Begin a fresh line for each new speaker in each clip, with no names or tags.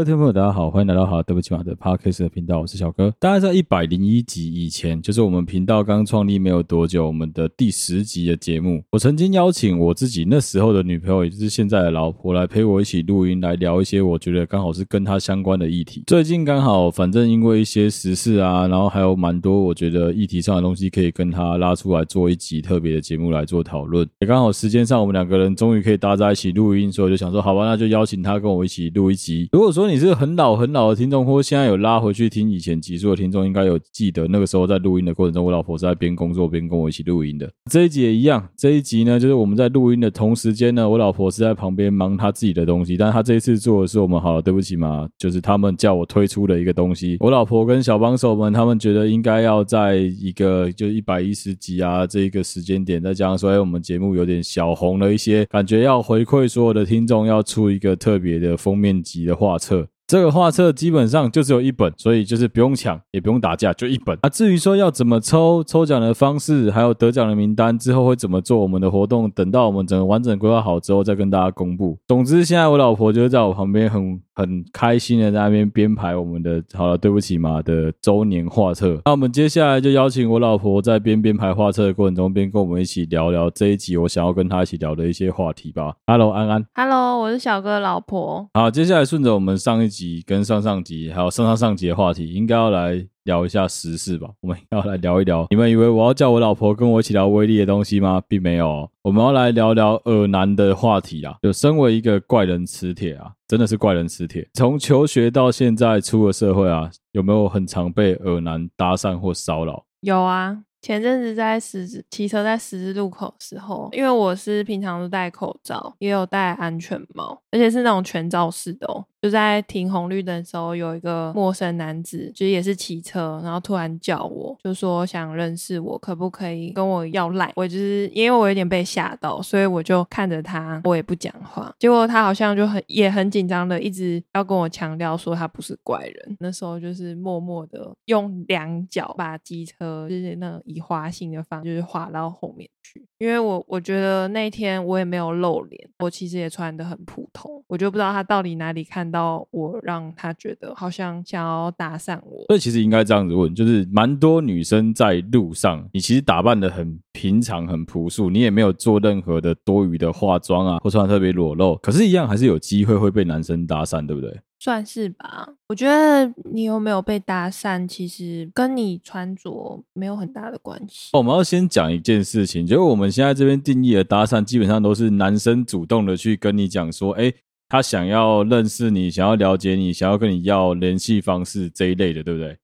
各位聽眾朋友，大家好，歡迎來到《好對不起喇》的 Podcast 的頻道，我是小哥。大家在一百零一集以前，就是我們頻道剛創立沒有多久，我們的第十集的節目，我曾經邀請我自己那時候的女朋友，也就是現在的老婆，來陪我一起錄音，來聊一些我覺得剛好是跟她相關的議題。最近剛好，反正因為一些時事啊，然後還有蠻多我覺得議題上的東西可以跟她拉出來做一集特別的節目來做討論。也剛好時間上，我們兩個人終於可以搭在一起錄音，所以我就想說，好吧，那就邀請她跟我一起錄一集。如果說你是很老很老的聽眾，或者現在有拉回去聽以前集數的聽眾，應該有記得那個時候在錄音的過程中，我老婆是在邊工作邊跟我一起錄音的。這一集也一樣，這一集呢，就是我們在錄音的同時間呢，我老婆是在旁邊忙她自己的東西。但是她這一次做的是我們好了，對不起嘛，就是他們叫我推出的一個東西。我老婆跟小幫手們，他們覺得應該要在一個就一百一十集啊這一個時間點，再加上說哎，我們節目有點小紅了一些感覺，要回饋所有的聽眾，要出一個特別的封面集的畫冊。這個畫冊基本上就只有一本，所以就是不用搶，也不用打架，就一本。啊，至於說要怎麼抽抽獎的方式，還有得獎的名單之後會怎麼做，我們的活動等到我們整個完整規劃好之後再跟大家公布。總之，現在我老婆就在我旁邊，很很開心的在那邊編排我們的好了，對不起嘛的週年畫冊。那我們接下來就邀請我老婆在編編排畫冊的過程中，邊跟我們一起聊一聊這一集我想要跟她一起聊的一些話題吧。哈嘍，安安。
哈嘍，我是小哥的老婆。
好，接下來順着我們上一集，跟上上集還有上上上集的話題，應該要來。聊一下時事吧，我們要來聊一聊。你們以為我要叫我老婆跟我一起聊威力的東西嗎？並沒有哦，我們要來聊聊耳男的話題啊。就身為一個怪人磁鐵啊，真的是怪人磁鐵。從求學到現在出了社會啊，有沒有很常被耳男搭訕或騷擾？
有啊，前陣子在十字騎車，在十字路口的時候，因為我是平常都戴口罩，也有戴安全帽，而且是那種全罩式的哦。就在停紅綠燈的時候，有一個陌生男子，其實也是騎車，然後突然叫我就說想認識我，可不可以跟我要賴？我就是因為我有點被嚇到，所以我就看着他，我也不講話。結果他好像就很也很緊張的，一直要跟我強調說他不是怪人。那時候就是默默的用兩腳把機車就是那種以滑行的方，就是滑到後面去。因為我我覺得那天我也沒有露臉，我其實也穿的很普通，我就不知道他到底哪裡看到我，讓他覺得好像想要搭上我。所
以其實應該這樣子問，就是蠻多女生在路上，你其實打扮的很平常、很樸素，你也沒有做任何的多餘的化妝啊，或穿的特別裸露，可是，一樣還是有機會會被男生搭訕，對不對？
算是吧，我覺得你有沒有被搭訕，其實跟你穿着沒有很大的關係。
哦，我們要先講一件事情，就是我們現在這邊定義的搭訕，基本上都是男生主動的去跟你講說，誒，欸，他想要認識你，想要了解你，想要跟你要聯繫方式這一類的，對不對？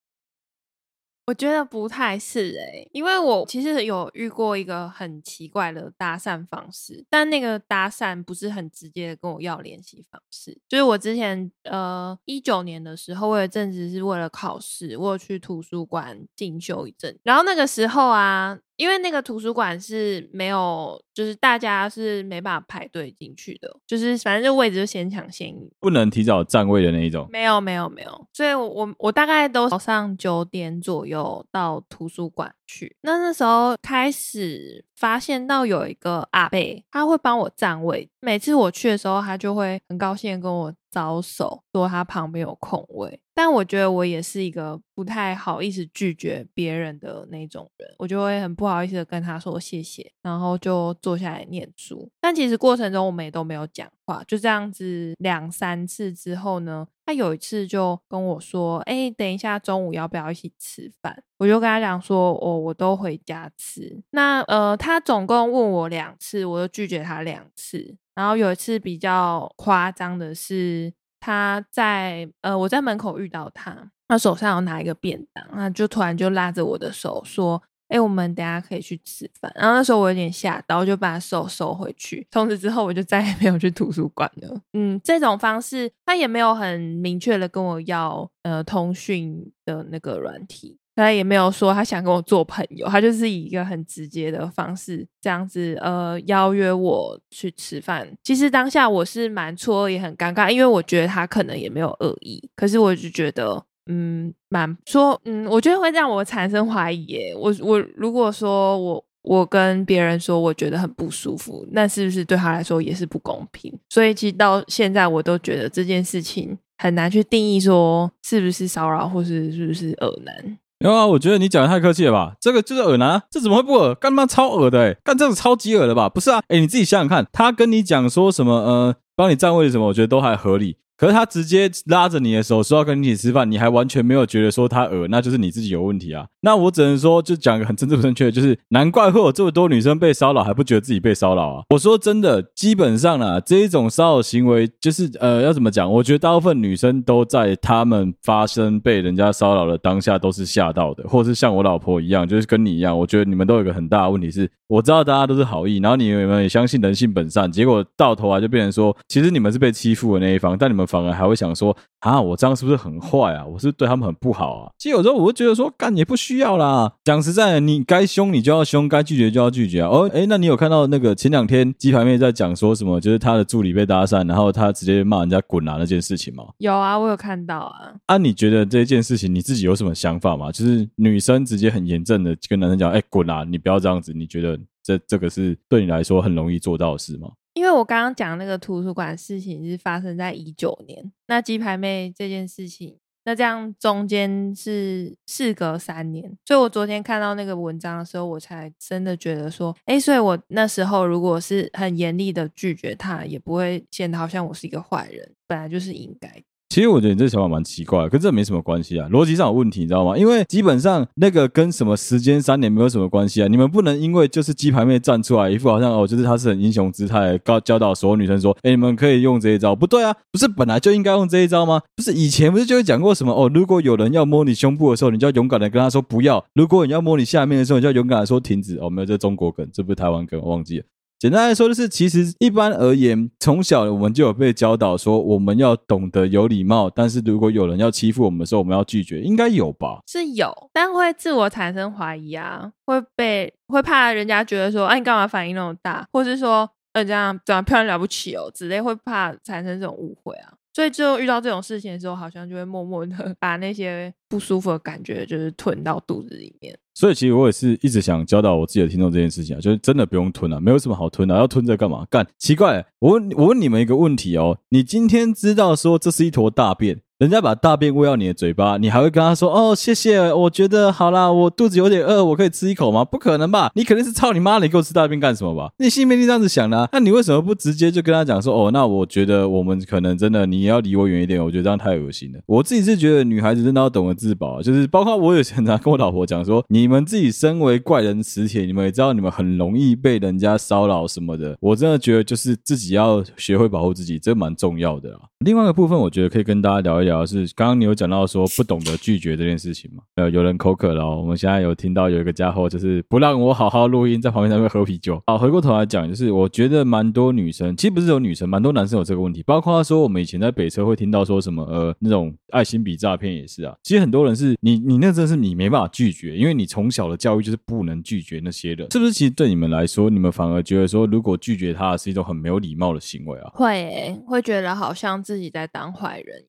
我
覺得不太是哎、欸，因為我其實有遇過一個很奇怪的搭訕方式，但那個搭訕不是很直接的跟我要聯繫方式。就是我之前呃一九年的時候，我有一陣子是為了考試，我有去圖書館進修一陣，然後那個時候啊。因為那個圖書館是沒有，就是大家是沒辦法排隊進去的，就是反正就位置就先搶先贏，
不能提早佔位的那一種。
沒有沒有沒有，所以我，我我大概都早上九點左右到圖書館去，那那時候開始發現到有一個阿伯，他會幫我佔位，每次我去的時候，他就會很高興跟我招手，說他旁邊有空位。但我覺得我也是一個不太好意思拒絕別人的那種人，我就會很不好意思的跟他說謝謝，然後就坐下來念書。但其實過程中我們也都沒有講話，就這樣子兩三次之後呢，他有一次就跟我說：“哎，等一下中午要不要一起吃飯？”我就跟他講說，哦：“我我都回家吃。”那呃，他總共問我兩次，我就拒絕他兩次。然後有一次比較誇張的是。他在呃，我在門口遇到他，他手上有拿一個便當，那就突然就拉着我的手說：“哎、欸，我們等下可以去吃飯。”然後那時候我有點嚇到，我就把手收回去。從此之後，我就再也沒有去圖書館了。嗯，這種方式他也沒有很明確的跟我要呃通訊的那個軟體。他也沒有說他想跟我做朋友，他就是以一個很直接的方式這樣子呃邀約我去吃飯。其實當下我是蠻錯愕，也很尷尬，因為我覺得他可能也沒有惡意，可是我就覺得嗯蠻說嗯，我覺得會讓我產生懷疑耶。我我如果說我我跟別人說我覺得很不舒服，那是不是對他來說也是不公平？所以其實到現在我都覺得這件事情很難去定義說是不是騷擾，或是是不是惡男。
沒有啊，我覺得你講的太客氣了吧？這個就是耳男、啊，這怎麼會不耳？幹嘛超耳的誒、欸、幹這種超級耳的吧？不是啊，哎，你自己想想看，他跟你講說什麼？呃，幫你佔位什麼？我覺得都還合理。可是他直接拉着你的手說要跟你一起吃飯，你還完全沒有覺得說他噁，那就是你自己有問題啊。那我只能說，就講個很政治不正確的，就是難怪會有這麼多女生被騷擾還不覺得自己被騷擾啊。我說真的，基本上啦、啊，這一種騷擾行為就是呃要怎麼講？我覺得大部分女生都在她們發生被人家騷擾的當下都是嚇到的，或是像我老婆一樣，就是跟你一樣。我覺得你們都有一個很大的問題是，我知道大家都是好意，然後你們也相信人性本善，結果到頭來就變成說，其實你們是被欺負的那一方，但你們。反而還會想說啊，我這樣是不是很壞啊？我是對他們很不好啊。其實有時候我會覺得說，幹也不需要啦。講實在的，你該凶你就要凶，該拒絕就要拒絕啊。哦，哎，那你有看到那個前兩天雞排妹在講說什麼？就是她的助理被搭訕，然後她直接罵人家滾啊，那件事情嗎？
有啊，我有看到啊。
啊，你覺得這件事情你自己有什麼想法嗎？就是女生直接很嚴正的跟男生講，哎，滾啊，你不要這樣子。你覺得這這個是對你來說很容易做到的事嗎？
因為我剛剛講那個圖書館事情是發生在2019年，那雞排妹這件事情，那這樣中間是事隔三年，所以我昨天看到那個文章的時候，我才真的覺得說，哎，所以我那時候如果是很嚴厲的拒絕他，也不會顯得好像我是一個壞人，本來就是應該
的。其實我覺得你這個想法蠻奇怪的，跟這沒什麼關係啊，邏輯上有問題，你知道嗎？因為基本上那個跟什麼時間三年沒有什麼關係啊。你們不能因為就是雞排妹站出來一副好像哦，就是她是很英雄姿態，告教導所有女生說，哎，你們可以用這一招。不對啊，不是本來就應該用這一招嗎？不是以前不是就講過什麼哦？如果有人要摸你胸部的時候，你就要勇敢的跟他說不要；如果你要摸你下面的時候，你就要勇敢的說停止。哦，沒有，這中國梗，這不是台灣梗，我忘記了。簡單來說就是，其實一般而言，從小我們就有被教導說，我們要懂得有禮貌。但是如果有人要欺負我們的時候，我們要拒絕，應該有吧？
是有，但會自我產生懷疑啊，會被會怕人家覺得說，哎、啊，你幹嘛反應那麼大？或是說，哎、呃，這樣長得漂亮了不起哦之類，會怕產生這種誤會啊。所以，最後遇到這種事情的時候，好像就會默默的把那些不舒服的感覺，就是吞到肚子
裡面。所以，其實我也是一直想教導我自己的聽眾這件事情啊，就是真的不用吞了啊，沒有什麼好吞的啊，要吞着幹嘛？幹，奇怪欸，我問我問你們一個問題喔，你今天知道說這是一坨大便？人家把大便餵到你的嘴巴，你還會跟他說：“哦，謝謝，我覺得好啦，我肚子有點餓，我可以吃一口嗎？”不可能吧？你肯定是操你媽你給我吃大便幹什麼吧？你心裡面這樣子想呢，啊？那你為什麼不直接就跟他講說：“哦，那我覺得我們可能真的，你要離我遠一點，我覺得這樣太惡心了。”我自己是覺得女孩子真的要懂得自保，啊，就是包括我以前常跟我老婆講說：“你們自己身為怪人磁鐵，你們也知道你們很容易被人家騷擾什麼的。”我真的覺得就是自己要學會保護自己，這蠻重要的，啊另外一個部分，我覺得可以跟大家聊一聊，是剛剛你有講到說不懂得拒絕這件事情嘛？呃，有人口渴了哦，我們現在有聽到有一個家伙就是不讓我好好錄音，在旁邊在那邊喝啤酒。好，回過頭來講，就是我覺得蠻多女生，其實不是有女生，蠻多男生有這個問題。包括說我們以前在北車會聽到說什麼呃那種愛心筆詐騙也是啊。其實很多人是你，你那真是你沒辦法拒絕，因為你從小的教育就是不能拒絕那些的，是不是？其實對你們來說，你們反而覺得說如果拒絕他是一種很沒有禮貌的行為啊會？
會會覺得好像。自己在當壞人。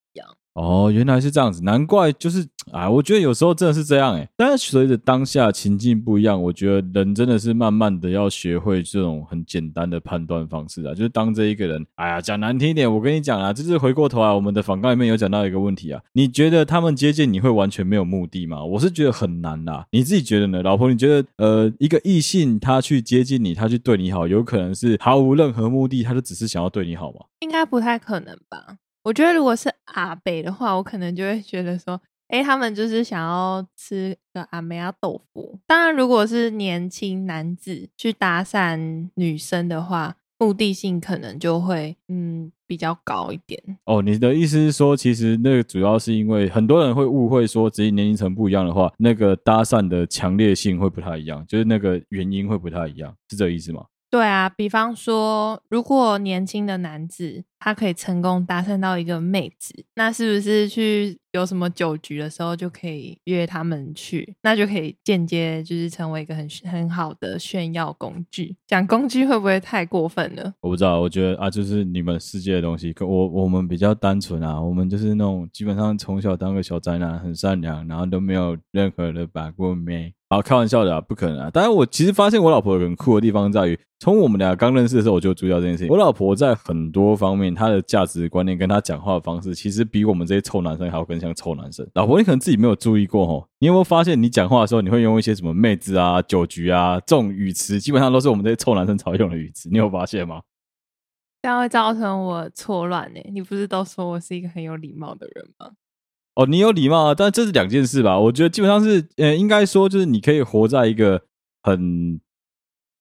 哦，原來是這樣子，難怪就是啊，我覺得有時候真的是這樣哎。但是隨着當下情境不一樣，我覺得人真的是慢慢的要學會這種很簡單的判斷方式啊。就是當這一個人，哎呀，講難聽一點，我跟你講啊，就是回過頭來啊，我們的訪談裡面有講到一個問題啊，你覺得他們接近你會完全沒有目的嗎？我是覺得很難的啊，你自己覺得呢，老婆？你覺得呃，一個異性他去接近你，他去對你好，有可能是毫無任何目的，他就只是想要對你好嗎？
應該不太可能吧。我覺得如果是阿北的話，我可能就會覺得說，哎，他們就是想要吃個阿梅阿豆腐。當然，如果是年輕男子去搭訕女生的話，目的性可能就會嗯比較高一點。
哦，你的意思是說，其實那個主要是因為很多人會誤會說，職業年齡層不一樣的話，那個搭訕的強烈性會不太一樣，就是那個原因會不太一樣，是這個意思嗎？
對啊，比方說，如果年輕的男子他可以成功搭訕到一個妹子，那是不是去有什麼酒局的時候就可以約他們去？那就可以間接就是成為一個很很好的炫耀工具。講工具會不會太過分了？
我不知道，我覺得啊，就是你們世界的東西，可我我們比較單純啊，我們就是那種基本上從小當個小宅男，很善良，然後都沒有任何的把過妹。好，開玩笑的啊，不可能啊！當然，我其實發現我老婆很酷的地方在於，從我們倆剛認識的時候，我就注意到這件事情。我老婆在很多方面，她的價值觀念跟她講話的方式，其實比我們這些臭男生還要更像臭男生。老婆，你可能自己沒有注意過哦，你有沒有發現，你講話的時候，你會用一些什麼“妹子”啊、“酒局”啊、這種語詞，基本上都是我們這些臭男生常用的語詞，你有發現嗎？
這樣會造成我錯亂呢、欸？你不是都說我是一個很有禮貌的人嗎？
哦，你有禮貌啊，但這是兩件事吧？我覺得基本上是，呃，應該說就是你可以活在一個很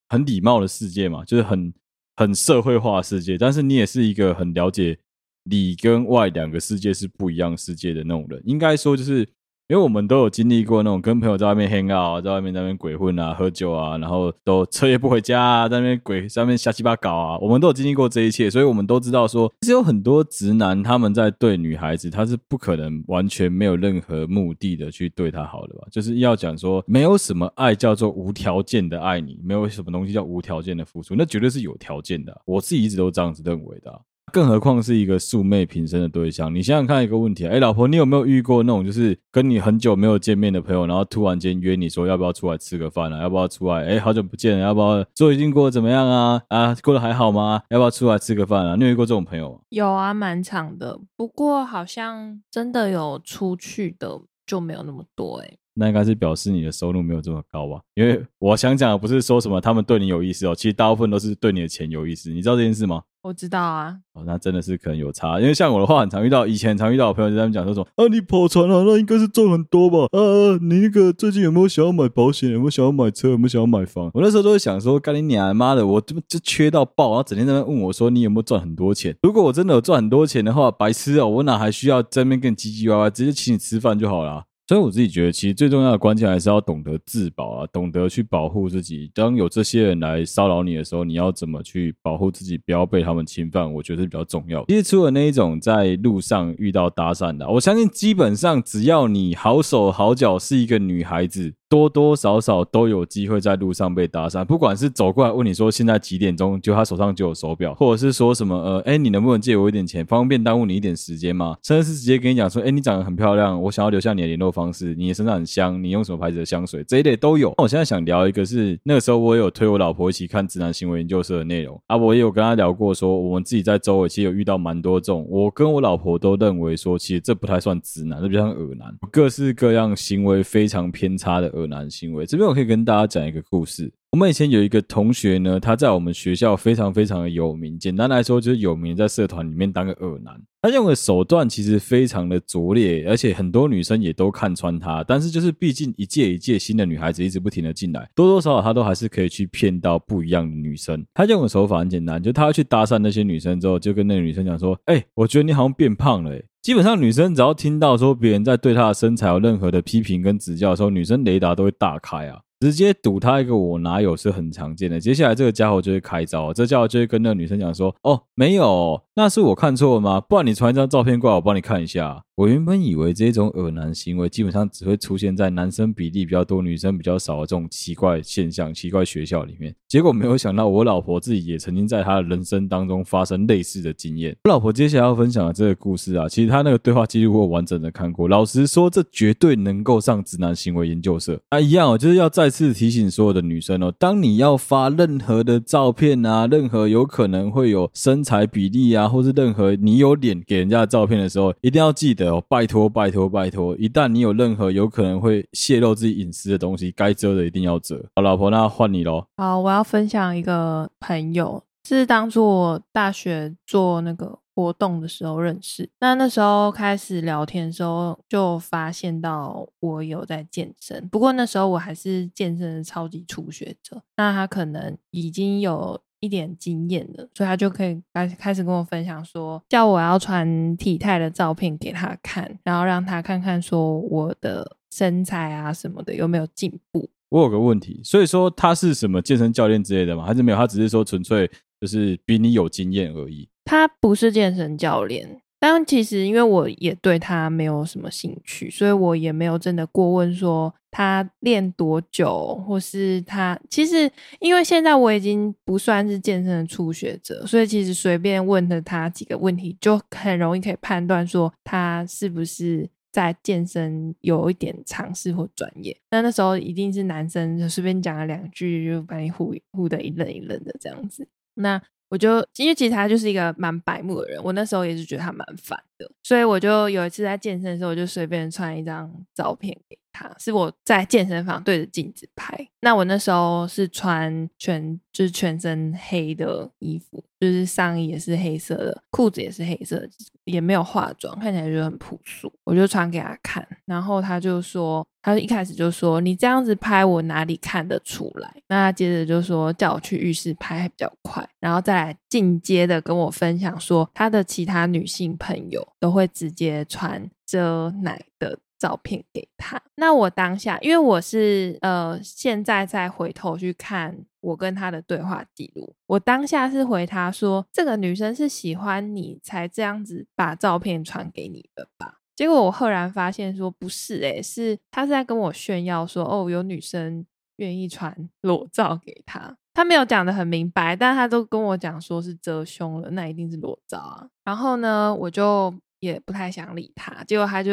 很禮貌的世界嘛，就是很很社會化的世界，但是你也是一個很了解裡跟外兩個世界是不一樣世界的那種人，應該說就是。因為我們都有經歷過那種跟朋友在外面 hang out 啊，在外面在那邊鬼混啊，喝酒啊，然後都徹夜不回家，啊，在那邊鬼上面瞎七八搞啊。我們都有經歷過這一切，所以我們都知道說，其實有很多直男他們在對女孩子，他是不可能完全沒有任何目的的去對她好的吧？就是要講說，沒有什麼愛叫做無條件的愛你，沒有什麼東西叫無條件的付出，那絕對是有條件的啊。我自己一直都這樣子認為的啊。更何況是一個素昧平生的對象，你想想看一個問題誒哎，欸、老婆，你有沒有遇過那種就是跟你很久沒有見面的朋友，然後突然間約你說要不要出來吃個飯啊？要不要出來？哎、欸，好久不見了，要不要最近過得怎麼樣啊？啊，過得還好嗎？要不要出來吃個飯啊？你有遇過這種朋友嗎？
有啊，蠻常的。不過好像真的有出去的就沒有那麼多哎、欸。
那應該是表示你的收入沒有這麼高吧？因為我想講的不是說什麼他們對你有意思哦，其實大部分都是對你的錢有意思。你知道這件事嗎？我知道啊，哦，那真的是可能有差，因為像我的話，很常遇到，以前很常遇到，我朋友就在那邊講說說，啊，你跑船了、啊，那應該是賺很多吧？啊，你那個最近有沒有想要買保險？有沒有想要買車？有沒有想要買房？我那時候都會想說，幹你娘媽的，我這麼就缺到爆？然後整天在那問我說，你有沒有賺很多錢？如果我真的有賺很多錢的話，白痴哦，我哪還需要在那邊跟你唧唧歪歪？直接請你吃飯就好了、啊。所以我自己覺得，其實最重要的關鍵還是要懂得自保啊，懂得去保護自己。當有這些人來騷擾你的時候，你要怎麼去保護自己，不要被他們侵犯，我覺得是比較重要。接觸的那一種在路上遇到搭訕的，我相信基本上只要你好手好腳，是一個女孩子，多多少少都有機會在路上被搭訕，不管是走過來問你說現在幾點鐘，就他手上就有手錶，或者是說什麼呃，哎，你能不能借我一點錢，方便耽誤你一點時間嗎？甚至是直接跟你講說，哎，你長得很漂亮，我想要留下你的聯絡方式，你的身上很香，你用什麼牌子的香水，這一類都有。那我現在想聊一個是，是那個時候我也有推我老婆一起看直男行為研究社的內容啊，我也有跟她聊過說，我們自己在周圍其實有遇到蠻多這種，我跟我老婆都認為說，其實這不太算直男，這比較像惡男，各式各樣行為非常偏差的。惡男行為，這邊我可以跟大家講一個故事。我們以前有一個同學呢，他在我們學校非常非常的有名。簡單來說，就是有名在社團裡面當個惡男。他用的手段其實非常的拙劣，而且很多女生也都看穿他。但是，就是畢竟一屆一屆新的女孩子一直不停的進來，多多少少他都還是可以去騙到不一樣的女生。他用的手法很簡單，就他去搭訕那些女生之後，就跟那個女生講說：“欸，我覺得你好像變胖了欸。”基本上，女生只要聽到說別人在對她的身材有任何的批評跟指教的時候，女生雷達都會大開啊。直接堵他一個我哪有是很常見的。接下來這個家伙就會開招，這家伙就會跟那個女生講說：“哦，沒有，那是我看錯了嗎？不然你傳一張照片過來，我幫你看一下。”我原本以為這種惡男行為基本上只會出現在男生比例比較多、女生比較少的這種奇怪現象、奇怪學校裡面，結果沒有想到我老婆自己也曾經在她的人生當中發生類似的經驗。我老婆接下來要分享的這個故事啊，其實她那個對話記錄我完整的看過。老實說，這絕對能夠上直男行為研究社。啊，一樣哦，就是要再次提醒所有的女生哦，當你要發任何的照片啊，任何有可能會有身材比例啊，或是任何你有臉給人家的照片的時候，一定要記得。拜託拜託拜託！一旦你有任何有可能會泄露自己隱私的東西，該遮的一定要遮。好，老婆，那換你咯。
好，我要分享一個朋友，是當初我大學做那個活動的時候認識。那那時候開始聊天的時候，就發現到我有在健身，不過那時候我還是健身的超級初學者。那他可能已經有一點經驗的，所以他就可以開開始跟我分享說，說叫我要傳體態的照片給他看，然後讓他看看說我的身材啊什麼的有沒有進步。
我有個問題，所以說他是什麼健身教練之類的嗎？還是沒有？他只是說純粹就是比你有經驗而已。
他不是健身教練。但其實，因為我也對他沒有什麼興趣，所以我也沒有真的過問說他練多久，或是他其實，因為現在我已經不算是健身的初學者，所以其實隨便問了他幾個問題，就很容易可以判斷說他是不是在健身有一點嘗試或專業。那那時候一定是男生，就隨便講了兩句，就把你唬唬得一愣一愣的這樣子。那我就，因為其實他就是一個蠻白目的人，我那時候也是覺得他蠻煩的，所以我就有一次在健身的時候，我就隨便傳一張照片給他，是我在健身房對着鏡子拍。那我那時候是穿全就是全身黑的衣服，就是上衣也是黑色的，褲子也是黑色的，也沒有化妝，看起來就很樸素。我就傳給他看，然後他就說。他一開始就說：“你這樣子拍，我哪裡看得出來？”那他接着就說：“叫我去浴室拍還比較快。”然後再來進階的跟我分享說：“他的其他女性朋友都會直接傳遮奶的照片給他。”那我當下，因為我是呃現在再回頭去看我跟他的對話記錄，我當下是回他說：“這個女生是喜歡你才這樣子把照片傳給你的吧？”結果我赫然發現，說不是、欸，誒是他是在跟我炫耀說，哦，有女生願意傳裸照給他。他沒有講得很明白，但他都跟我講說是遮胸了，那一定是裸照啊。然後呢，我就也不太想理他。結果他就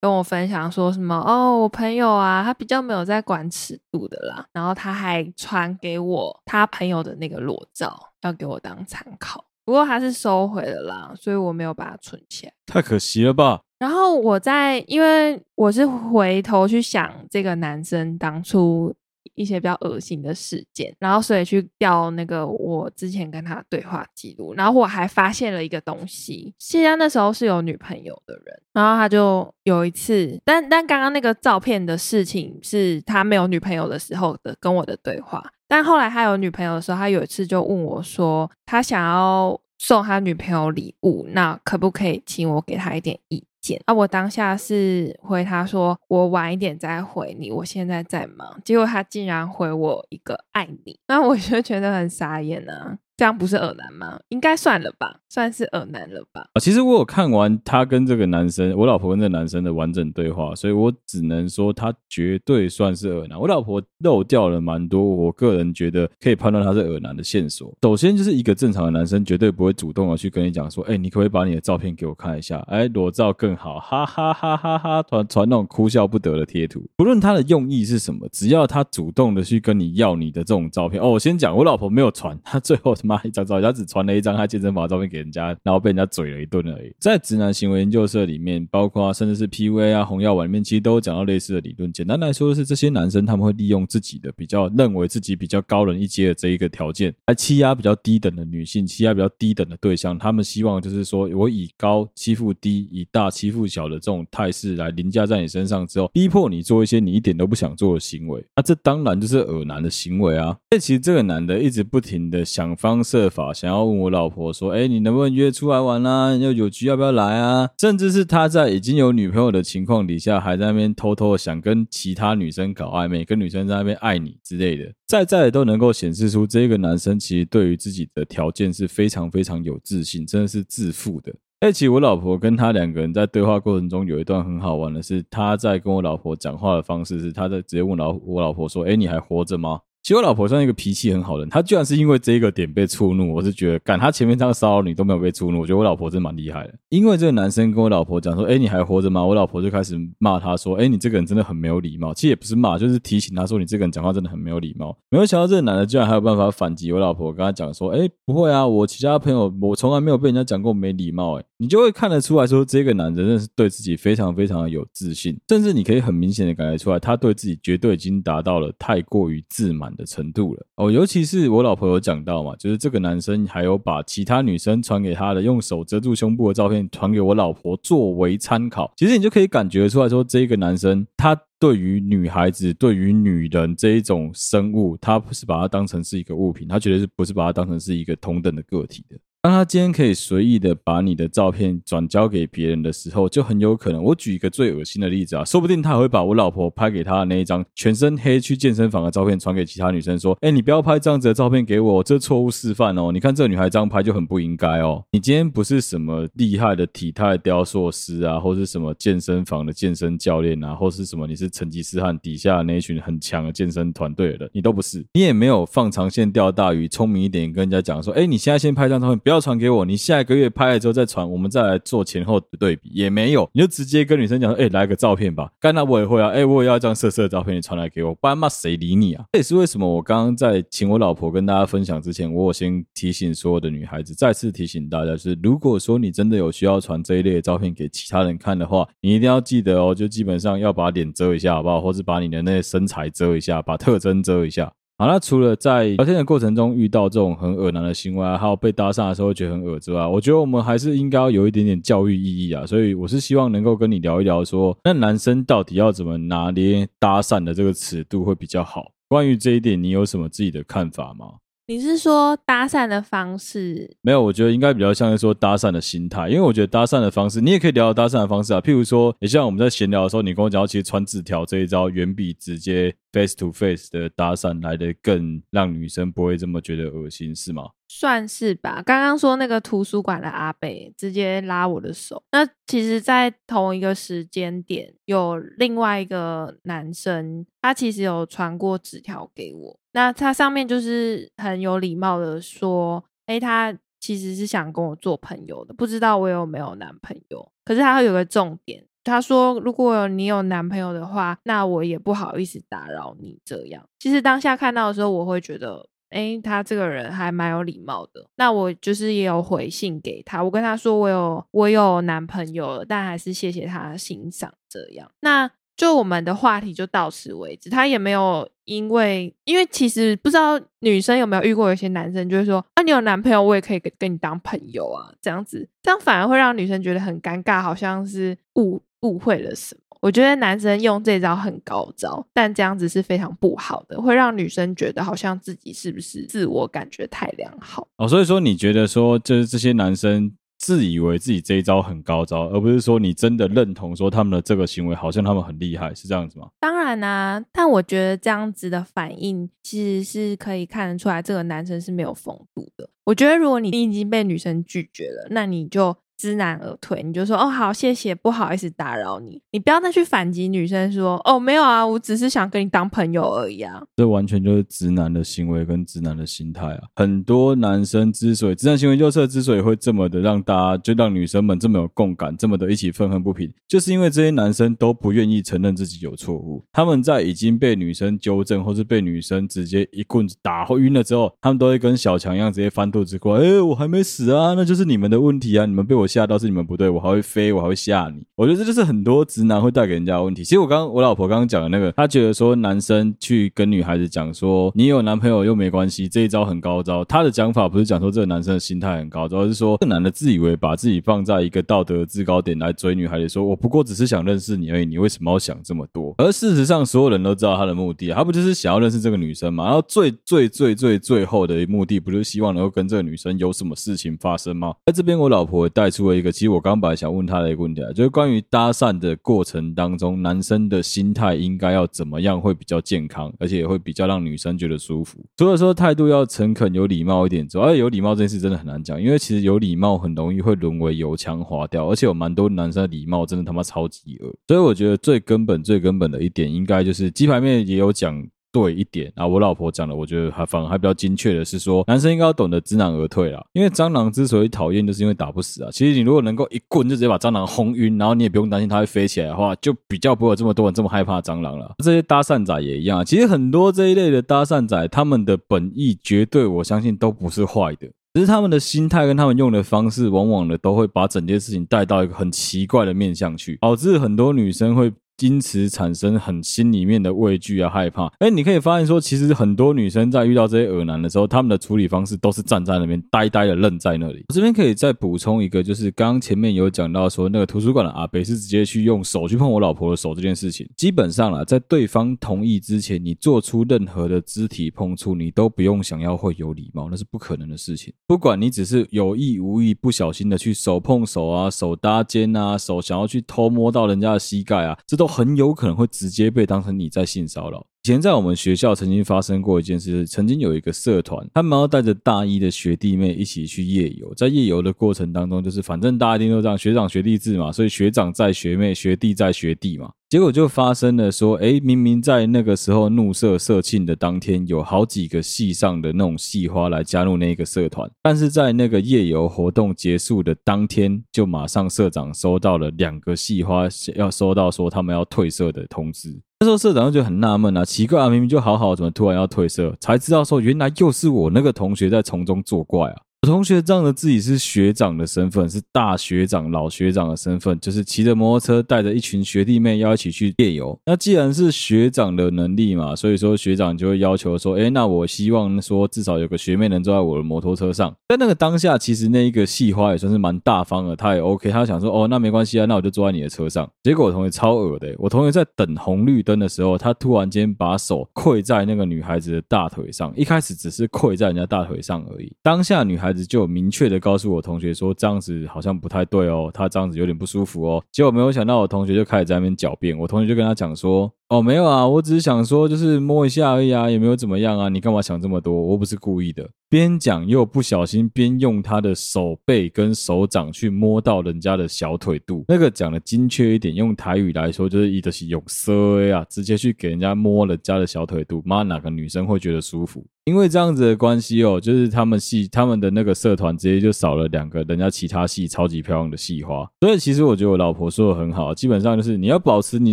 跟我分享說什麼，哦，我朋友啊，他比較沒有在管尺度的啦。然後他還傳給我他朋友的那個裸照，要給我當參考。不過他是收回了啦，所以我沒有把它存起來，
太可惜了吧。
然後我在，因為我是回頭去想這個男生當初一些比較噁心的事件，然後所以去調那個我之前跟他的對話記錄，然後我還發現了一個東西，現在那時候是有女朋友的人，然後他就有一次，但但剛剛那個照片的事情是他沒有女朋友的時候的跟我的對話。但後來他有女朋友的時候，他有一次就問我說，他想要送他女朋友禮物，那可不可以請我給他一點意見？啊，我當下是回他說，我晚一點再回你，我現在在忙。結果他竟然回我一個“愛你”，那我就覺得很傻眼呢、啊。這樣不是噁男嗎？應該算了吧，算是噁男了
吧？啊，其實我有看完他跟這個男生，我老婆跟這個男生的完整對話，所以我只能說他絕對算是噁男。我老婆漏掉了蠻多，我個人覺得可以判斷他是噁男的線索。首先就是一個正常的男生絕對不會主動的去跟你講說，哎、欸，你可不可以把你的照片給我看一下？哎、欸，裸照更好，哈哈哈哈哈，傳傳那種哭笑不得的貼圖。不論他的用意是什麼，只要他主動的去跟你要你的這種照片，哦，我先講，我老婆沒有傳，他最後什麼？找人家只傳了一張他健身房的照片給人家，然後被人家嘴了一頓而已。在直男行為研究社裡面，包括甚至是 PUA 啊、紅藥丸裡面，其實都有講到類似的理論。簡單來說，是這些男生他們會利用自己的比較認為自己比較高人一階的這一個條件，來欺壓比較低等的女性，欺壓比較低等的對象。他們希望就是說我以高欺負低，以大欺負小的這種態勢來凌駕在你身上之後，逼迫你做一些你一點都不想做的行為。那這當然就是惡男的行為啊。但其實這個男的一直不停的想方，方設法想要問我老婆說：“哎，你能不能約出來玩啊？要有局要不要來啊？”甚至是他在已經有女朋友的情況底下，還在那邊偷偷的想跟其他女生搞曖昧，跟女生在那邊愛你之類的，在在都能夠顯示出這個男生其實對於自己的條件是非常非常有自信，真的是自負的。而其實我老婆跟他兩個人在對話過程中有一段很好玩的是，他在跟我老婆講話的方式是，他在直接問老我老婆說：“哎，你還活着嗎？”其實我老婆算是一個脾氣很好的人，她居然是因為這一個點被觸怒，我是覺得，趕她前面那個騷擾你都沒有被觸怒，我覺得我老婆真蠻厲害的。因為這個男生跟我老婆講說，哎，你還活着嗎？我老婆就開始罵他說，哎，你這個人真的很沒有禮貌。其實也不是罵，就是提醒他說，你這個人講話真的很沒有禮貌。沒有想到這個男的居然還有辦法反擊我老婆，跟他講說，哎，不會啊，我其他朋友我從來沒有被人家講過沒禮貌、欸，哎，你就會看得出來說，這個男的真的是對自己非常非常的有自信，甚至你可以很明顯的感覺出來，他對自己絕對已經達到了太過於自滿。的程度了哦，尤其是我老婆有講到嘛，就是這個男生還有把其他女生傳給他的用手遮住胸部的照片傳給我老婆作為參考，其實你就可以感覺出來說，這個男生他對於女孩子、對於女人這一種生物，他不是把它當成是一個物品，他絕對是不是把它當成是一個同等的個體的。當他今天可以隨意的把你的照片轉交給別人的時候，就很有可能。我舉一個最噁心的例子啊，說不定他會把我老婆拍給他的那一張全身黑去健身房的照片傳給其他女生，說：“哎，你不要拍這樣子的照片給我、喔，這錯誤示範哦！你看這女孩這樣拍就很不應該哦！你今天不是什麼厲害的體態雕塑師啊，或是什麼健身房的健身教練啊，或是什麼？你是成吉思汗底下的那一群很強的健身團隊的，你都不是，你也沒有放長線釣大魚，聰明一點跟人家講說：‘哎，你現在先拍張照片，要傳給我，你下一個月拍了之後再傳，我們再來做前後的對比也沒有，你就直接跟女生講哎、欸，來個照片吧。幹那我也會啊，哎、欸，我也要一張色色的照片，你傳來給我，不然嘛誰理你啊？這也是為什麼我剛剛在請我老婆跟大家分享之前，我先提醒所有的女孩子，再次提醒大家，就是如果說你真的有需要傳這一類的照片給其他人看的話，你一定要記得哦，就基本上要把臉遮一下，好不好？或是把你的那些身材遮一下，把特徵遮一下。好、啊，那除了在聊天的過程中遇到這種很噁男的行為，還有被搭訕的時候覺得很噁之外，我覺得我們還是應該要有一點點教育意義啊。所以，我是希望能夠跟你聊一聊說，說那男生到底要怎麼拿捏搭訕的這個尺度會比較好。關於這一點，你有什麼自己的看法嗎？
你是說搭訕的方式？
沒有，我覺得應該比較像是說搭訕的心態，因為我覺得搭訕的方式，你也可以聊聊搭訕的方式啊。譬如說，你像我們在閒聊的時候，你跟我講，其實傳紙條這一招，遠比直接 face to face 的搭訕來得更讓女生不會這麼覺得惡心，是嗎？
算是吧。剛剛說那個圖書館的阿北，直接拉我的手。那其實，在同一個時間點，有另外一個男生，他其實有傳過紙條給我。那他上面就是很有禮貌的說，誒、欸，他其實是想跟我做朋友的，不知道我有沒有男朋友。可是他會有個重點，他說如果你有男朋友的話，那我也不好意思打擾你這樣。其實當下看到的時候，我會覺得，誒、欸，他這個人還蠻有禮貌的。那我就是也有回信給他，我跟他說我有我有男朋友了，但還是謝謝他欣賞這樣。那。就我們的話題就到此為止，他也沒有因為，因為其實不知道女生有沒有遇過，有些男生就是說啊，你有男朋友，我也可以跟跟你當朋友啊，這樣子，這樣反而會讓女生覺得很尷尬，好像是誤誤會了什麼。我覺得男生用這招很高招，但這樣子是非常不好的，會讓女生覺得好像自己是不是自我感覺太良好。
哦，所以說，你覺得說就是這些男生，自以為自己這一招很高招，而不是說你真的認同說他們的這個行為好像他們很厲害，是這樣子嗎？
當然啊，但我覺得這樣子的反應其實是可以看得出來這個男生是沒有風度的。我覺得如果你已經被女生拒絕了，那你就，知難而退，你就說哦，好，謝謝，不好意思打擾你。你不要再去反擊女生說，說哦，沒有啊，我只是想跟你當朋友而已啊。
這完全就是直男的行為跟直男的心態啊。很多男生之所以直男行為就是之所以會這麼的讓大家就讓女生們這麼有共感，這麼的一起憤恨不平，就是因為這些男生都不願意承認自己有錯誤。他們在已經被女生糾正，或是被女生直接一棍子打或暈了之後，他們都會跟小強一樣直接翻肚子過來。哎，我還沒死啊，那就是你們的問題啊，你們被我。嚇到是你們不對，我還會飛，我還會嚇你。我覺得這就是很多直男會帶給人家的問題。其實我剛剛我老婆剛剛講的那個，她覺得說男生去跟女孩子講說你有男朋友又沒關係，這一招很高招。她的講法不是講說這個男生的心態很高招，而是說這男的自以為把自己放在一個道德制高點來追女孩子，說我不過只是想認識你而已，你為什麼要想這麼多？而事實上，所有人都知道他的目的，他不就是想要認識這個女生嗎？然後最最最最最最後的目的，不就是希望能夠跟這個女生有什麼事情發生嗎？在這邊我老婆帶出。作為一個，其實我剛剛本來想問他的一個問題，就是關於搭訕的過程當中，男生的心態應該要怎麼樣會比較健康，而且也會比較讓女生覺得舒服。除了說態度要誠懇、有禮貌一點，主要有禮貌這件事真的很難講，因為其實有禮貌很容易會淪為油腔滑調，而且有蠻多男生的禮貌真的他媽超級惡。所以我覺得最根本、最根本的一點，應該就是雞排面也有講。對一點啊，我老婆講的，我覺得還反而還比較精確的是說，男生應該要懂得知難而退啦。因為蟑螂之所以討厭，就是因為打不死啊。其實你如果能夠一棍就直接把蟑螂轟暈，然後你也不用擔心它會飛起來的話，就比較不會有這麼多人這麼害怕蟑螂了。這些搭訕仔也一樣啊。其實很多這一類的搭訕仔，他們的本意絕對我相信都不是壞的，只是他們的心態跟他們用的方式，往往的都會把整件事情帶到一個很奇怪的面向去，導致很多女生會。因此產生很心裡面的畏懼啊害怕，哎，你可以發現說，其實很多女生在遇到這些惡男的時候，他們的處理方式都是站在那邊呆呆的愣在那裡。我這邊可以再補充一個，就是剛剛前面有講到說，那個圖書館的阿北是直接去用手去碰我老婆的手這件事情，基本上啊，在對方同意之前，你做出任何的肢體碰觸，你都不用想要會有禮貌，那是不可能的事情。不管你只是有意無意、不小心的去手碰手啊，手搭肩啊，手想要去偷摸到人家的膝蓋啊，這都。很有可能會直接被當成你在性騷擾。以前在我們學校曾經發生過一件事，曾經有一個社團，他們要帶着大一的學弟妹一起去夜遊，在夜遊的過程當中，就是反正大家聽都這樣，學長學弟制嘛，所以學長在學妹，學弟在學弟嘛。結果就發生了，說，誒明明在那個時候，怒色社慶的當天，有好幾個系上的那種系花來加入那個社團，但是在那個夜遊活動結束的當天，就馬上社長收到了兩個系花要收到說他們要退社的通知。那時候社長就覺得很納悶啊，奇怪啊，明明就好好，怎麼突然要退社？才知道說，原來又是我那個同學在從中作怪啊。我同學仗着自己是學長的身份，是大學長、老學長的身份，就是騎着摩托車帶着一群學弟妹要一起去夜遊。那既然是學長的能力嘛，所以說學長就會要求說：“哎、欸，那我希望說至少有個學妹能坐在我的摩托車上。”但那個當下，其實那一個細花也算是蠻大方的，他也 OK，他想說：“哦，那沒關係啊，那我就坐在你的車上。”結果我同學超惡的、欸，我同學在等紅綠燈的時候，他突然間把手跪在那個女孩子的大腿上，一開始只是跪在人家大腿上而已，當下女孩。就有明確的告訴我同學說，這樣子好像不太對哦，他這樣子有點不舒服哦。結果沒有想到我同學就開始在那邊狡辯，我同學就跟他講說，哦沒有啊，我只是想說就是摸一下而已啊，也沒有怎麼樣啊，你幹嘛想這麼多？我不是故意的。邊講又不小心邊用他的手背跟手掌去摸到人家的小腿肚，那個講得精確一點，用台語來說就是伊的是用色啊，直接去給人家摸人家的小腿肚，媽哪個女生會覺得舒服？因為這樣子的關係哦，就是他們系他們的那個社團直接就少了兩個人家其他系超級漂亮的系花，所以其實我覺得我老婆說的很好，基本上就是你要保持你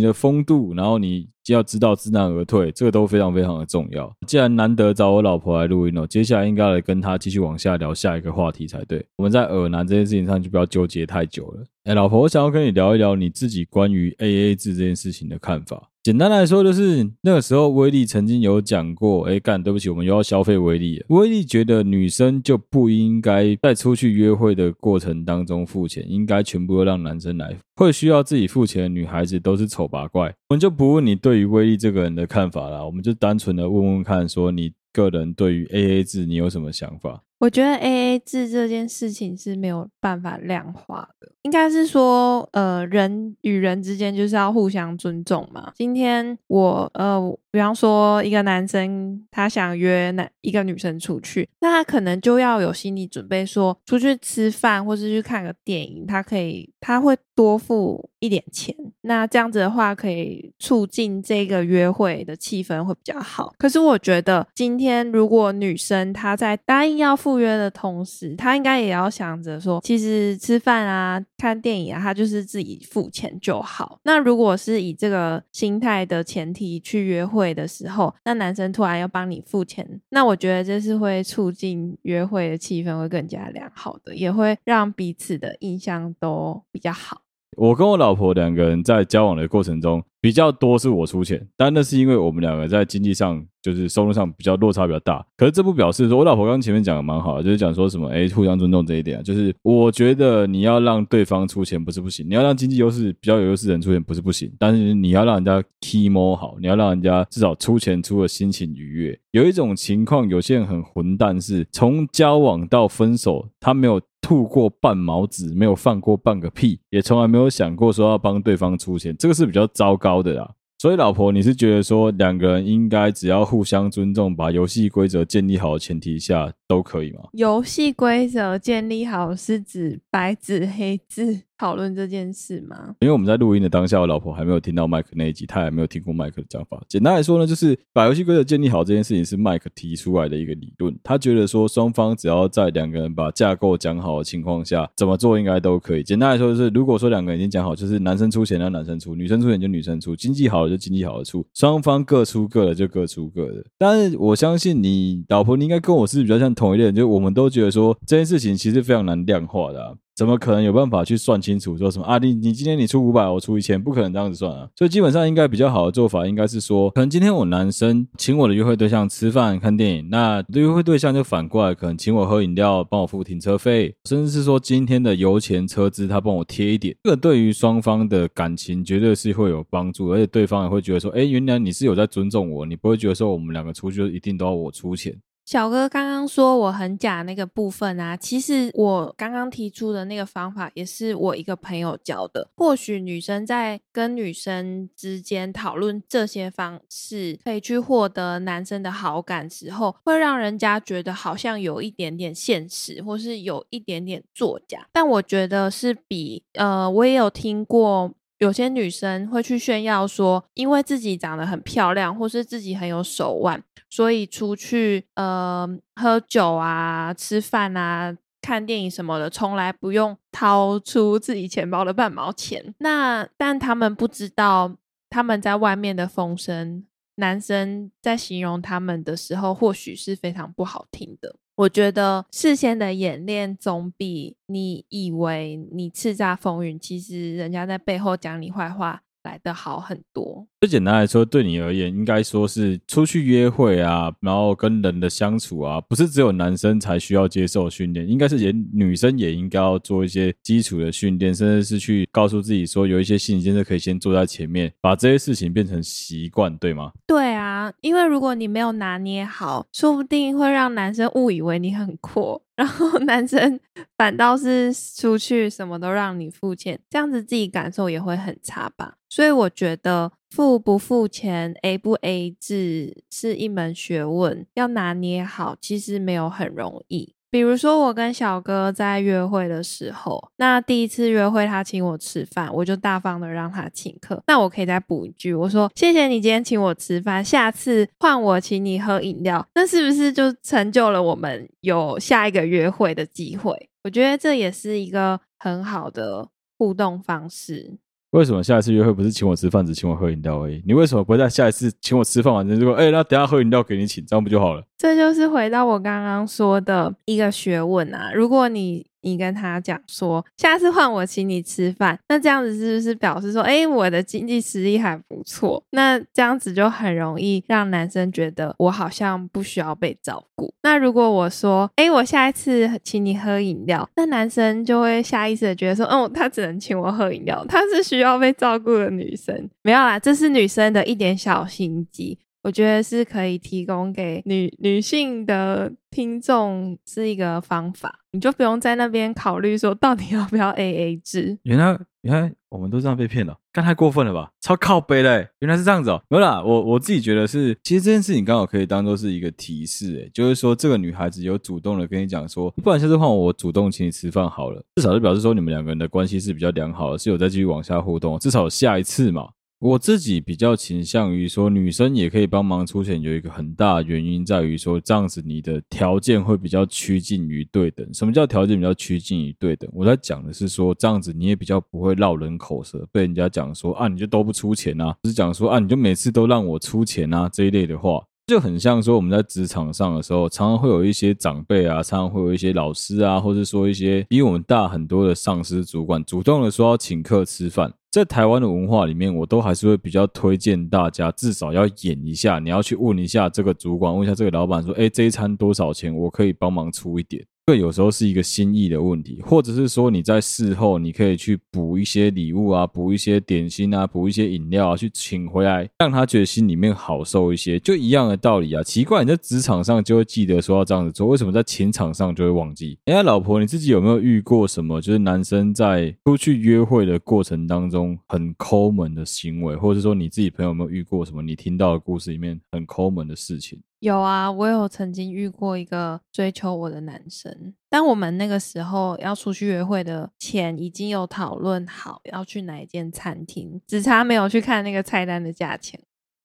的風度，然後你就要知道知難而退，這個都非常非常的重要。既然難得找我老婆來錄音哦，接下來應該來跟她繼續往下聊下一個話題才對。我們在耳南這件事情上就不要糾結太久了。哎，老婆，我想要跟你聊一聊你自己關於 AA 制這件事情的看法。簡單來說，就是那個時候威利曾經有講過，哎、欸，幹，對不起，我們又要消費威利了。威利覺得女生就不應該在出去約會的過程當中付錢，應該全部都讓男生來付。會需要自己付錢的女孩子都是醜八怪。我們就不問你對於威利這個人的看法了，我們就單純的問問看，說你個人對於 AA 制你有什麼想法？
我覺得 AA 制這件事情是沒有辦法量化的，應該是說，呃，人與人之間就是要互相尊重嘛。今天我，呃，比方說一個男生他想約一個女生出去，那他可能就要有心理準備，說出去吃飯或是去看個電影，他可以他會多付一點錢。那這樣子的話，可以促進這個約會的氣氛會比較好。可是我覺得，今天如果女生她在答應要赴約的同時，她應該也要想着說，其實吃飯啊、看電影啊，她就是自己付錢就好。那如果是以這個心態的前提去約會的時候，那男生突然要幫你付錢，那我覺得這是會促進約會的氣氛會更加良好的，也會讓彼此的印象都比較好。
我跟我老婆兩個人在交往的過程中，比較多是我出錢，但那是因為我們兩個在經濟上就是收入上比較落差比較大。可是這不表示說，我老婆剛前面講的蠻好，就是講說什麼哎、欸、互相尊重這一點啊。就是我覺得你要讓對方出錢不是不行，你要讓經濟優勢比較有優勢的人出錢不是不行，但是你要讓人家 kimo 好，你要讓人家至少出錢出的心情愉悅。有一種情況，有些人很混蛋是，是從交往到分手，他沒有吐過半毛子，沒有放過半個屁，也從來沒有想過說要幫對方出錢，這個是比較糟糕。高的啦，所以老婆，你是覺得說，兩個人應該只要互相尊重，把遊戲規則建立好的前提下，都可以嗎？
遊戲規則建立好是指白紙黑字討論這件事嗎？
因為我們在錄音的當下，我老婆還沒有聽到麥克那一集，她還沒有聽過麥克的講法。簡單來說呢，就是把遊戲規則建立好這件事情是麥克提出來的一個理論。他覺得說，雙方只要在兩個人把架構講好的情況下，怎麼做應該都可以。簡單來說就是，如果說兩個人已經講好，就是男生出錢讓男生出，女生出錢就女生出，經濟好了就經濟好了出，雙方各出各的就各出各的。但是我相信你，老婆你應該跟我是比較像。統一一點就我們都覺得說這件事情其實非常難量化的啊，怎麼可能有辦法去算清楚說什麼啊？你你今天你出五百，我出一千，不可能這樣子算啊。所以基本上應該比較好的做法應該是說，可能今天我男生請我的約會對象吃飯看電影，那約會對象就反過來可能請我喝飲料，幫我付停車費，甚至是說今天的油錢車資他幫我貼一點。這個對於雙方的感情絕對是會有幫助，而且對方也會覺得說，誒，原來你是有在尊重我，你不會覺得說我們兩個出去就一定都要我出錢。
小哥剛剛說我很假那個部分啊，其實我剛剛提出的那個方法也是我一個朋友教的。或許女生在跟女生之間討論這些方式，可以去獲得男生的好感時候，會讓人家覺得好像有一點點現實，或是有一點點作假。但我覺得是比呃，我也有聽過。有些女生會去炫耀說，因為自己長得很漂亮，或是自己很有手腕，所以出去，呃，喝酒啊、吃飯啊、看電影什麼的，從來不用掏出自己錢包的半毛錢。那，但他們不知道，他們在外面的風聲，男生在形容他們的時候，或許是非常不好聽的。我覺得事先的演練總比你以為你叱吒風雲，其實人家在背後講你壞話來得好很多。
最簡單來說，對你而言，應該說是出去約會啊，然後跟人的相處啊，不是只有男生才需要接受訓練，應該是也女生也應該要做一些基礎的訓練，甚至是去告訴自己說，有一些心理建設可以先做在前面，把這些事情變成習慣，對嗎？
對啊，因為如果你沒有拿捏好，說不定會讓男生誤以為你很闊，然後男生反倒是出去什麼都讓你付錢，這樣子自己感受也會很差吧。所以我覺得。付不付錢，A 不 A 制是一門學問，要拿捏好，其實沒有很容易。比如說，我跟小哥在約會的時候，那第一次約會他請我吃飯，我就大方的讓他請客。那我可以再補一句，我說謝謝你今天請我吃飯，下次換我請你喝飲料，那是不是就成就了我們有下一個約會的機會？我覺得這也是一個很好的互動方式。
為什麼下一次約會不是請我吃飯，只請我喝飲料而已？你為什麼不在下一次請我吃飯，完之後就說哎，那等下喝飲料給你請，這樣不就好了？
這就是回到我剛剛說的一個學問啊！如果你你跟他講說，下次換我請你吃飯，那這樣子是不是表示說，欸，我的經濟實力還不錯？那這樣子就很容易讓男生覺得我好像不需要被照顧。那如果我說，欸，我下一次請你喝飲料，那男生就會下意識的覺得說，哦，他只能請我喝飲料，他是需要被照顧的女生。沒有啦，這是女生的一點小心機。我覺得是可以提供給女女性的聽眾是一個方法，你就不用在那邊考慮說到底要不要 AA 制。
原來原來我們都這樣被騙了，幹，太過分了吧？超靠背嘞、欸！原來是這樣子哦，沒有啦，我我自己覺得是，其實這件事情剛好可以當做是一個提示、欸，誒就是說這個女孩子有主動的跟你講說，不然下次換我，我主動請你吃飯好了，至少就表示說你們兩個人的關係是比較良好的，是有在繼續往下互動，至少下一次嘛。我自己比較傾向於說，女生也可以幫忙出錢，有一個很大原因在於說，這樣子你的條件會比較趨近於對等。什麼叫條件比較趨近於對等？我在講的是說，這樣子你也比較不會落人口舌，被人家講說啊，你就都不出錢啊，不是講說啊，你就每次都讓我出錢啊這一類的話。就很像說我們在職場上的時候，常常會有一些長輩啊，常常會有一些老師啊，或者說一些比我們大很多的上司、主管，主動的說要請客吃飯。在台灣的文化裡面，我都還是會比較推薦大家，至少要演一下，你要去問一下這個主管，問一下這個老闆，說：“哎，這一餐多少錢？我可以幫忙出一點。”這個有時候是一個心意的問題，或者是說你在事後你可以去補一些禮物啊，補一些點心啊，補一些飲料啊，去請回來，讓他覺得心裡面好受一些，就一樣的道理啊。奇怪，你在職場上就會記得說要這樣子做，為什麼在情場上就會忘記？哎呀，老婆，你自己有沒有遇過什麼？就是男生在出去約會的過程當中很摳門的行為，或者是說你自己朋友有沒有遇過什麼？你聽到的故事裡面很摳門的事情？
有啊，我有曾經遇過一個追求我的男生，但我們那個時候要出去約會的前已經有討論好要去哪一間餐廳，只差沒有去看那個菜單的價錢。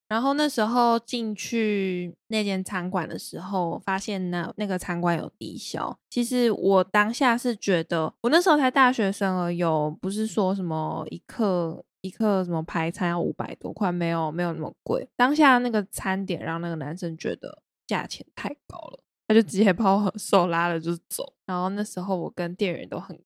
然後那時候進去那間餐館的時候，發現那那個餐館有低消。其實我當下是覺得，我那時候才大學生而已，不是說什麼一克。一個什麼排餐要五百多塊，沒有，沒有那麼貴。當下那個餐點讓那個男生覺得價錢太高了，他就直接把我手拉了就走。然後那時候我跟店員都很。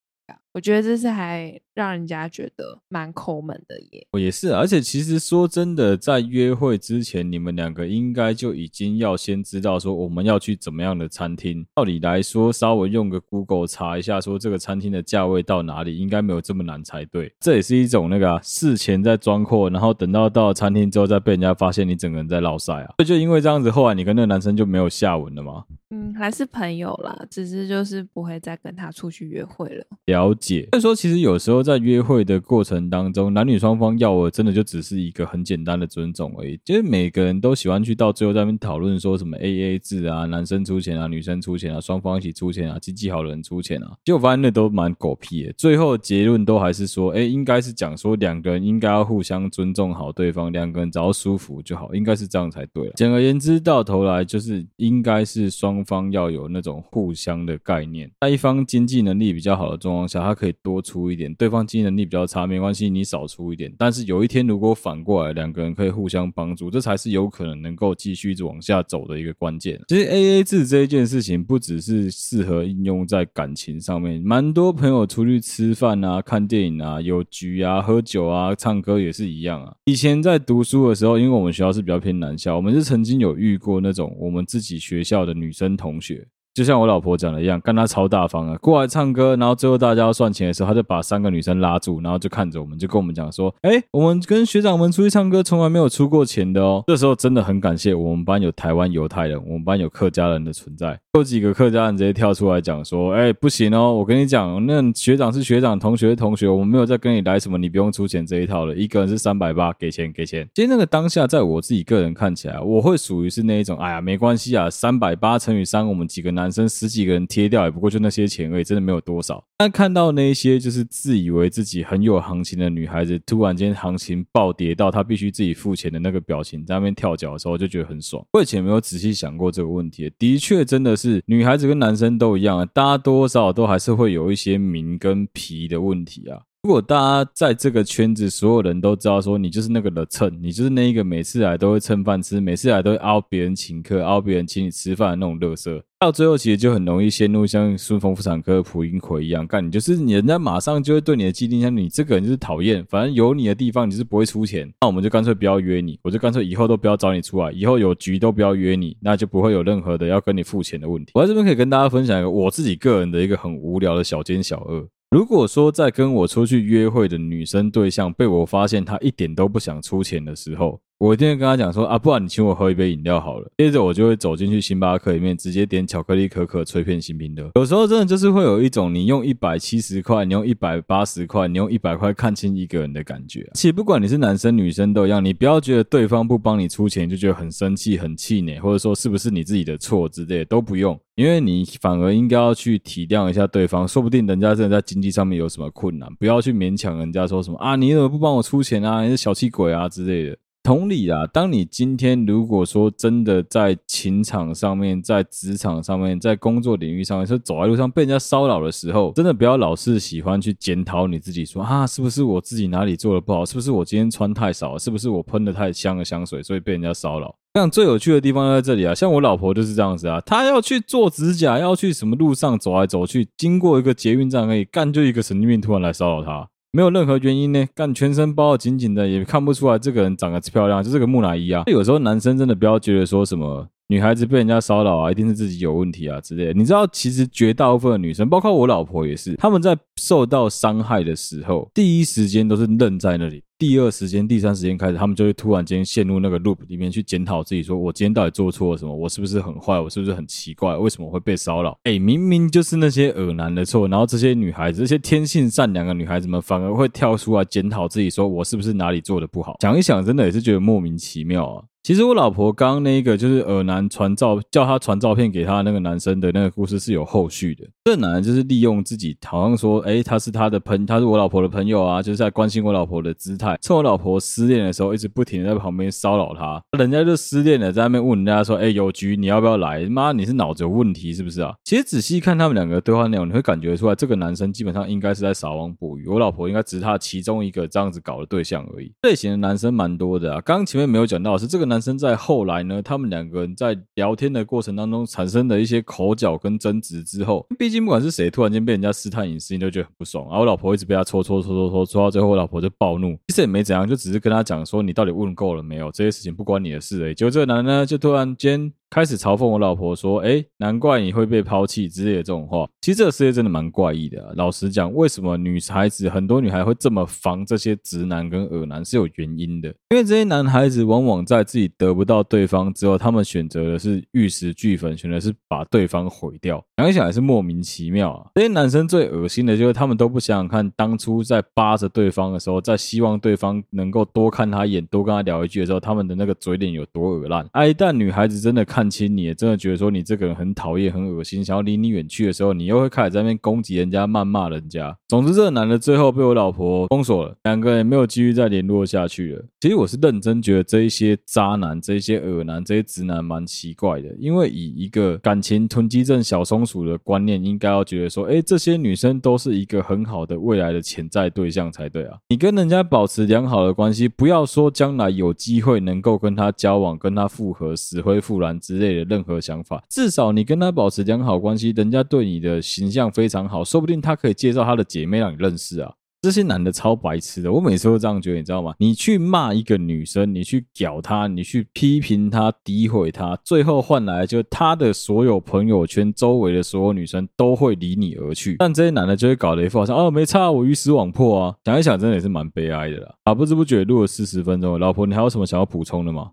我覺得這是還讓人家覺得蠻摳門的耶。
我也是、啊，而且其實說真的，在約會之前，你們兩個應該就已經要先知道說我們要去怎麼樣的餐廳。照理來說，稍微用個 Google 查一下說這個餐廳的價位到哪裡，應該沒有這麼難才對。這也是一種那個、啊、事前在裝貨，然後等到到餐廳之後再被人家發現你整個人在落賽啊。就因為這樣子，後來你跟那個男生就沒有下文了嗎？
嗯，還是朋友啦，只是就是不會再跟他出去約會了。
了解，所以說其實有時候在約會的過程當中，男女雙方要我真的就只是一個很簡單的尊重而已。就是每個人都喜歡去到最後在那邊討論說什麼 AA 制啊，男生出錢啊，女生出錢啊，雙方一起出錢啊，經濟好的人出錢啊，就我發現那都蠻狗屁的。最後結論都還是說，哎，應該是講說兩個人應該要互相尊重好對方，兩個人只要舒服就好，應該是這樣才對。簡而言之，到頭來就是應該是雙方要有那種互相的概念，在一方經濟能力比較好的狀況下，他可以多出一點；對方經濟能力比較差，沒關係，你少出一點。但是有一天，如果反過來，兩個人可以互相幫助，這才是有可能能夠繼續往下走的一個關鍵。其實，AA 制這一件事情不只是適合應用在感情上面，蠻多朋友出去吃飯啊、看電影啊、有局啊、喝酒啊、唱歌也是一樣啊。以前在讀書的時候，因為我們學校是比較偏男校，我們是曾經有遇過那種我們自己學校的女生。同學。就像我老婆講的一樣，跟他超大方的，過來唱歌，然後最後大家要算錢的時候，他就把三個女生拉住，然後就看着我們，就跟我們講說：“哎、欸，我們跟學長們出去唱歌，從來沒有出過錢的哦。”這時候真的很感謝我們班有台灣猶太人，我們班有客家人的存在。有幾個客家人直接跳出來講說：“哎、欸，不行哦，我跟你講，那個、學長是學長，同學是同學，我們沒有再跟你來什麼，你不用出錢這一套了。一個人是三百八，給錢給錢。”其實那個當下，在我自己個人看起來，我會屬於是那一種，哎呀，沒關係啊，三百八乘以三，我們幾個男。男生十幾個人貼掉，也不過就那些錢而已，真的沒有多少。但看到那一些就是自以為自己很有行情的女孩子，突然間行情暴跌到她必須自己付錢的那個表情，在那邊跳腳的時候，就覺得很爽。我以前沒有仔細想過這個問題，的確真的是女孩子跟男生都一樣，大家多少都還是會有一些名跟皮的問題啊。如果大家在這個圈子，所有人都知道說你就是那個了蹭，你就是那一個每次來都會蹭飯吃，每次來都會凹別人請客、凹別人請你吃飯的那種樂色，到最後其實就很容易陷入像順風婦產科的朴英奎一樣，幹你就是你，人家馬上就會對你的既定像你這個人就是討厭，反正有你的地方你是不會出錢，那我們就乾脆不要約你，我就乾脆以後都不要找你出來，以後有局都不要約你，那就不會有任何的要跟你付錢的問題。我在這邊可以跟大家分享一個我自己個人的一個很無聊的小奸小惡。如果說在跟我出去約會的女生對象被我發現她一點都不想出錢的時候，我一定會跟他講說啊，不然你請我喝一杯飲料好了。接着我就會走進去星巴克裡面，直接點巧克力可可脆片星冰樂。有時候真的就是會有一種你用一百七十塊，你用一百八十塊，你用一百塊看清一個人的感覺啊。其實不管你是男生女生都一樣，你不要覺得對方不幫你出錢就覺得很生氣、很氣餒，或者說是不是你自己的錯之類的都不用，因為你反而應該要去體諒一下對方，說不定人家真的在經濟上面有什麼困難，不要去勉強人家說什麼啊，你怎麼不幫我出錢啊，你是小氣鬼啊之類的。同理啊，當你今天如果說真的在情場上面，在職場上面，在工作領域上面，說走在路上被人家騷擾的時候，真的不要老是喜歡去檢討你自己說，說啊，是不是我自己哪裡做的不好？是不是我今天穿太少？是不是我噴的太香的香水，所以被人家騷擾？這樣最有趣的地方就在這裡啊，像我老婆就是這樣子啊，她要去做指甲，要去什麼路上走來走去，經過一個捷運站可以幹，就一個神經病突然來騷擾她。沒有任何原因呢，但全身包得緊緊的，也看不出來這個人長得漂亮，就是個木乃伊啊。有時候男生真的不要覺得說什麼女孩子被人家騷擾啊，一定是自己有問題啊之類的。你知道，其實絕大部分的女生，包括我老婆也是，她們在受到傷害的時候，第一時間都是愣在那裡。第二時間、第三時間開始，他們就會突然間陷入那個 loop 裡面去檢討自己，說我今天到底做錯了什麼？我是不是很壞？我是不是很奇怪？為什麼會被騷擾？哎，明明就是那些噁男的錯。然後這些女孩子，這些天性善良的女孩子們，反而會跳出來檢討自己，說我是不是哪裡做得不好？想一想，真的也是覺得莫名其妙啊。其實我老婆剛剛那個，就是噁男傳照，叫他傳照片給他的那個男生的那個故事是有後續的。這男人就是利用自己，好像說，哎，他是他的朋，他是我老婆的朋友啊，就是在關心我老婆的姿態。趁我老婆失戀的時候，一直不停的在旁邊騷擾她，人家就失戀了，在那邊問人家說：“哎，有局你要不要來？媽，你是腦子有問題是不是啊？”其實仔細看他們兩個對話內容，你會感覺出來，這個男生基本上應該是在撒網捕魚，我老婆應該只是他其中一個這樣子搞的對象而已。類型的男生蠻多的啊，剛前面沒有講到的是這個男生在後來呢，他們兩個人在聊天的過程當中產生的一些口角跟爭執之後，畢竟不管是誰，突然間被人家試探隱私，你都覺得很不爽。然後我老婆一直被他戳戳戳戳戳，戳到最後，我老婆就暴怒。也沒怎樣，就只是跟他講說，你到底問夠了沒有？這些事情不關你的事而已，結果這個男的呢，就突然間。開始嘲諷我老婆說：“哎，難怪你會被拋棄之類的這種話。其實這個世界真的蠻怪異的啊。老實講，為什麼女孩子很多女孩會這麼防這些直男跟惡男是有原因的。因為這些男孩子往往在自己得不到對方之後，他們選擇的是玉石俱焚，選擇是把對方毀掉。想一想也是莫名其妙啊。這些男生最惡心的就是他們都不想想看，當初在扒着對方的時候，在希望對方能夠多看他一眼、多跟他聊一句的時候，他們的那個嘴臉有多惡爛。哎，但女孩子真的看。看清你也真的覺得說你這個人很討厭、很噁心，想要離你遠去的時候，你又會開始在那邊攻擊人家、謾罵人家。總之，這個男的最後被我老婆封鎖了，兩個人沒有繼續再聯絡下去了。其實我是認真覺得這一些渣男、這一些惡男、這些直男蠻奇怪的，因為以一個感情囤積症小松鼠的觀念，應該要覺得說，哎、欸，這些女生都是一個很好的未來的潛在對象才對啊。你跟人家保持良好的關係，不要說將來有機會能夠跟他交往、跟他復合、死灰復燃。之類的任何想法，至少你跟他保持良好關係，人家對你的形象非常好，說不定他可以介紹他的姐妹讓你認識啊。這些男的超白痴的，我每次都這樣覺得，你知道嗎？你去罵一個女生，你去屌她，你去批評她、詆毀她，最後換來就是他的所有朋友圈周圍的所有女生都會離你而去。但這些男的就會搞得一副好像哦，沒差，我魚死網破啊。想一想，真的也是蠻悲哀的啦。啊，不知不覺錄了四十分鐘，老婆，你還有什麼想要補充的嗎？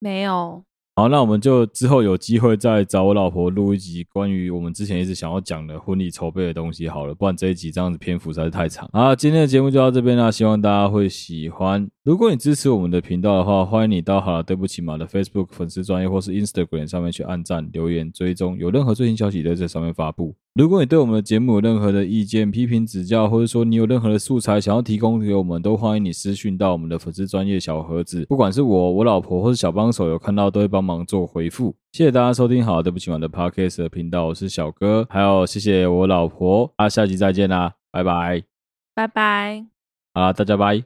沒有。
好，那我們就之後有機會再找我老婆錄一集關於我們之前一直想要講的婚禮籌備的東西好了，不然這一集這樣子篇幅實在是太長。好、啊，今天的節目就到這邊啦、啊，希望大家會喜歡。如果你支持我們的頻道的話，歡迎你到好了對不起啦的 Facebook 粉絲專頁或是 Instagram 上面去按讚、留言、追蹤，有任何最新消息都在這上面發布。如果你對我們的節目有任何的意見、批評、指教，或者說你有任何的素材想要提供給我們，都歡迎你私訊到我們的粉絲專業小盒子。不管是我、我老婆或是小幫手有看到，都會幫忙做回覆。謝謝大家收聽，好，對不起喇 podcast 的頻道，我是小哥，還有謝謝我老婆啊，下集再見啦，拜拜，拜拜，啊，大家拜。